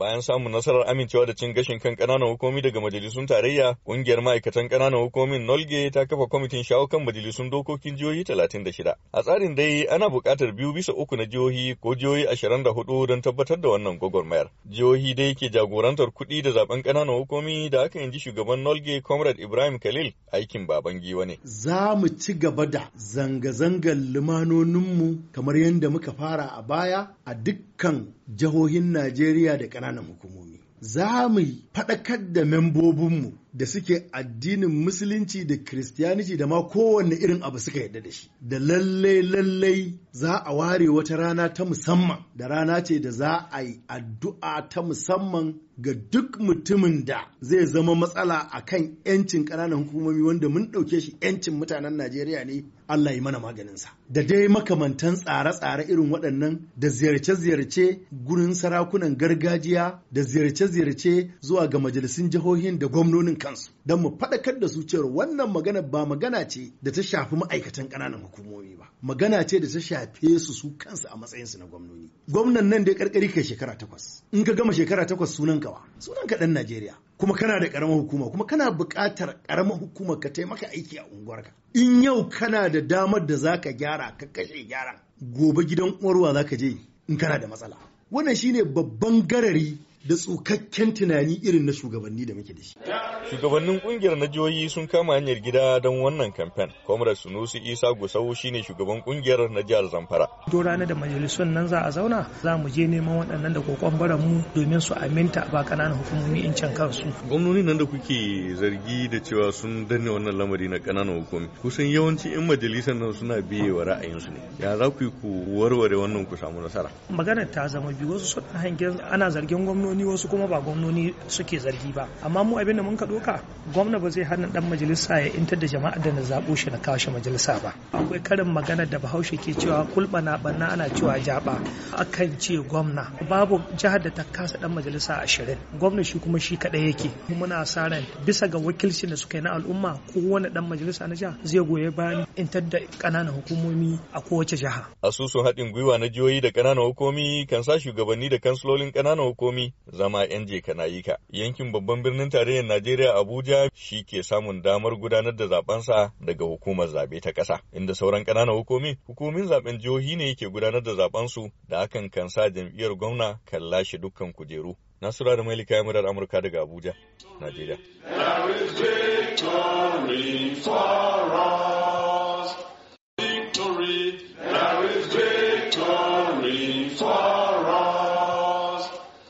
bayan samun nasarar amincewa da cin gashin kan ƙananan hukumi daga majalisun tarayya ƙungiyar ma'aikatan kananan hukumin nolge ta kafa kwamitin shawo kan majalisun dokokin jihohi shida. a tsarin dai ana buƙatar biyu bisa uku na jihohi ko jihohi hudu don tabbatar da wannan gwagwarmayar jihohi dai ke jagorantar kuɗi da zaben kananan hukumi da aka yanji shugaban nolge comrade ibrahim khalil aikin baban giwa ne za mu ci gaba da zanga-zangar limanoninmu kamar yadda muka fara a baya a dukkan jihohin najeriya da ƙananan ƙananan hukumomi za mu faɗakar da membobinmu da suke addinin musulunci da kiristiyaniti da ma kowanne irin abu suka yadda da shi da lallai lallai za a ware wata rana ta musamman da rana ce da za a yi addu'a ta musamman ga duk mutumin da zai zama matsala a kan 'yancin ƙananan hukumomi wanda mun ɗauke shi 'yancin mutanen Najeriya ne Allah yi mana maganinsa. Da dai makamantan tsare-tsare irin waɗannan da ziyarce-ziyarce gurin sarakunan gargajiya da ziyarce-ziyarce zuwa ga majalisun jihohin da gwamnonin kansu don mu faɗakar da su cewa wannan magana ba magana ce da ta shafi ma'aikatan ƙananan hukumomi ba magana ce da ta shafe su su kansu a matsayinsu na gwamnoni gwamnan nan dai karkari kai shekara takwas in ka gama shekara takwas sunan ka wa sunan ka ɗan Najeriya kuma kana da ƙaramar hukuma kuma kana buƙatar ƙaramar hukumar ka taimaka aiki a unguwarka in yau kana da damar da zaka gyara ka kashe gyara gobe gidan uwarwa za ka je in kana da matsala wannan shine babban garari da tsukakken tunani irin na shugabanni da muke da shi. Shugabannin kungiyar na jihohi sun kama hanyar gida don wannan kamfen. Kwamrar Sunusi Isa Gusau shine shugaban kungiyar na jihar Zamfara. Do ranar da majalisun nan za a zauna za mu je neman waɗannan da kokon mu domin su aminta ba ƙananan hukumomi in can kansu. Gwamnoni nan da kuke zargi da cewa sun danne wannan lamari na ƙananan hukumi kusan yawanci in majalisar nan suna biye wa ra'ayinsu ne. Ya za ku yi ku warware wannan ku samu nasara. Maganar ta zama biyu wasu suna hangen ana zargin gwamnoni gwamnoni wasu kuma ba gwamnoni suke zargi ba amma mu abin da mun ka doka gwamna ba zai hana dan majalisa ya intar da jama'a da na zabo shi na kawo shi majalisa ba akwai karin magana da bahaushe ke cewa na banna ana cewa jaba akan ce gwamna babu jihar da ta kasa dan majalisa ashirin gwamna shi kuma shi kadai yake muna sa ran bisa ga wakilci da suka yi na al'umma ko wani dan majalisa na jihar zai goye bayan intar da kananan hukumomi a kowace jiha asusun haɗin gwiwa na jihohi da kananan hukumomi kan sa shugabanni da kansilolin kananan hukumomi zama 'yan jeka na yika. Yankin babban birnin tarayyar Najeriya Abuja shi ke samun damar gudanar da zabensa daga hukumar zabe ta ƙasa, inda sauran ƙananan hukumi, hukumin zaben jihohi ne ke gudanar da su da hakan kan sa jam'iyyar gwamna kan lashe dukkan kujeru. Nasura da Mailika ya murar Amurka daga Abuja, Najeriya. Victory, there is victory.